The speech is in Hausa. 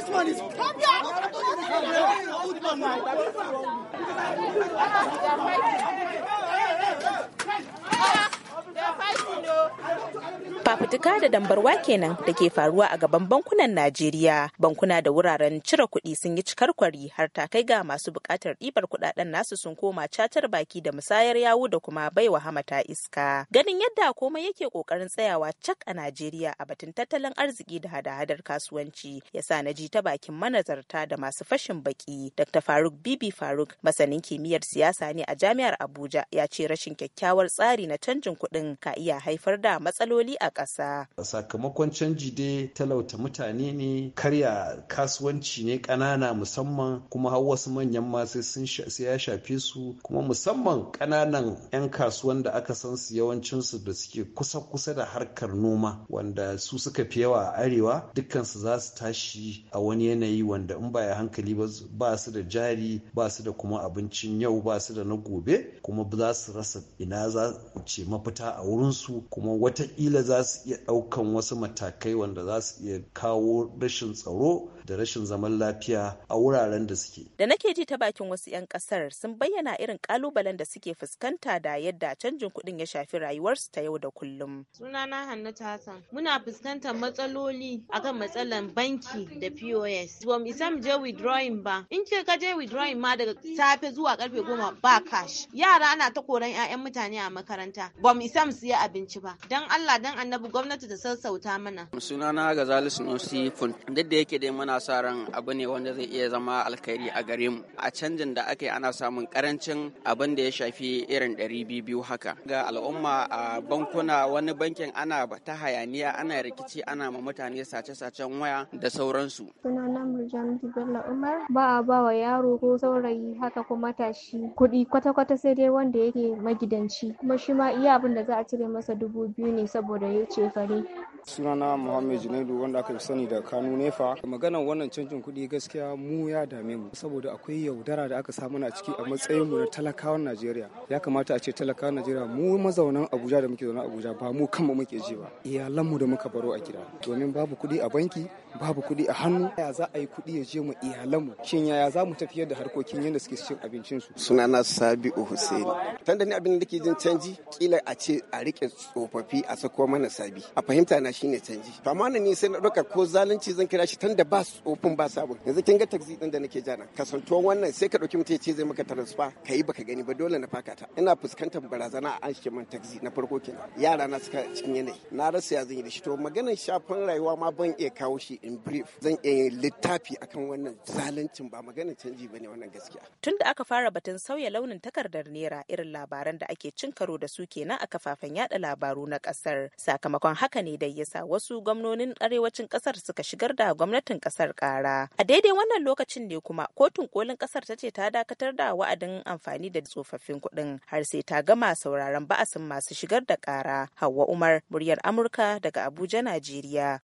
this one is problem. matuka da dambarwa kenan da ke faruwa a gaban bankunan Najeriya. Bankuna da wuraren cire kuɗi sun yi cikar kwari har ta kai ga masu buƙatar ɗibar kuɗaɗen nasu sun koma catar baki da musayar yawu da kuma baiwa hamata iska. Ganin yadda komai yake ƙoƙarin tsayawa cak a Najeriya a batun tattalin arziki da hada-hadar kasuwanci ya sa na ji ta bakin manazarta da masu fashin baki. Dr. Faruk Bibi Faruk masanin kimiyyar siyasa ne a Jami'ar Abuja ya ce rashin kyakkyawar tsari na canjin kuɗin ka iya haifar da matsaloli a ƙasa. ƙasa. Sakamakon canji dai talauta mutane ne karya kasuwanci ne ƙanana musamman kuma har wasu manyan ma sai ya shafe su kuma musamman ƙananan 'yan kasuwan da aka san su yawancinsu da suke kusa-kusa da harkar noma wanda su suka fi yawa a arewa dukkan su za su tashi a wani yanayi wanda in ba ya hankali ba su da jari ba su da kuma abincin yau ba su da na gobe kuma za su rasa ina za ce mafita a wurinsu kuma watakila za su iya ɗaukan wasu matakai wanda za su iya kawo rashin tsaro da rashin zaman lafiya a wuraren da suke. Da nake ji ta bakin wasu 'yan kasar sun bayyana irin kalubalen da suke fuskanta da yadda canjin kuɗin ya shafi rayuwarsu ta yau da kullum. Sunana Hannatu Hassan. Muna fuskantar matsaloli akan matsalar banki da POS. Ba mu isa mu je withdrawing ba. In ce ka je withdrawing ma daga safe zuwa karfe goma ba cash. Yara ana ta koran 'ya'yan mutane a makaranta. Ba mu isa mu siya abinci ba. Dan Allah dan annabi gwamnati ta sassauta mana. Sunana Gazalis Sunusi Fun. Duk da yake dai muna sa ran abu ne wanda zai iya zama alkhairi a gare mu a canjin da ake yi ana samun karancin abin da ya shafi irin ɗari biyu haka ga al'umma a bankuna wani bankin ana ta hayaniya ana rikici ana ma mutane sace-sacen waya da sauransu sunana murjan bello umar ba a ba wa yaro ko saurayi haka ko matashi kuɗi kwata-kwata sai dai wanda yake magidanci kuma shi ma iya abin da za a cire masa dubu biyu ne saboda ya ce fare sunana muhammed junaidu wanda aka sani da kanu nefa magana wannan canjin kuɗi gaskiya mu ya dame mu saboda akwai yaudara da aka samu a ciki a matsayin mu na talakawan Najeriya ya kamata a ce talakawan Najeriya mu mazaunan Abuja da muke zaune Abuja ba mu kanmu muke ji ba mu da muka baro a gida domin babu kuɗi a banki babu kuɗi a hannu ya za a yi kuɗi ya je mu iyalan mu? shin yaya za mu tafiyar da harkokin yadda suke cin abincin su na sabi'u husaini tanda ni abin da ke jin canji kila a ce a rike tsofaffi a sako mana sabi a fahimta na shine canji to amma ni sai na ɗauka ko zalunci zan kira shi tanda ba tsofin ba sabon yanzu kin ga taxi din da nake jana kasanto wannan sai ka dauki mutum ya ce zai maka transfer ka yi baka gani ba dole na faka ta ina fuskantar barazana a an man taxi na farko kenan yara na suka cikin yanayi na rasa ya zan yi da shi to maganar shafin rayuwa ma ban iya kawo shi in brief zan iya yin littafi akan wannan zaluncin ba magana canji ba ne wannan gaskiya. Tun da aka fara batun sauya launin takardar naira irin labaran da ake cin karo da su kenan a kafafen yada labaru na kasar sakamakon haka ne dai yasa wasu gwamnonin arewacin kasar suka shigar da gwamnatin kasar kara. A daidai wannan lokacin ne kuma kotun kolin kasar ta ce ta dakatar da wa'adin amfani da tsofaffin kuɗin har sai ta gama sauraron ba'asin masu shigar da kara. hawa Umar muryar Amurka daga Abuja, Najeriya.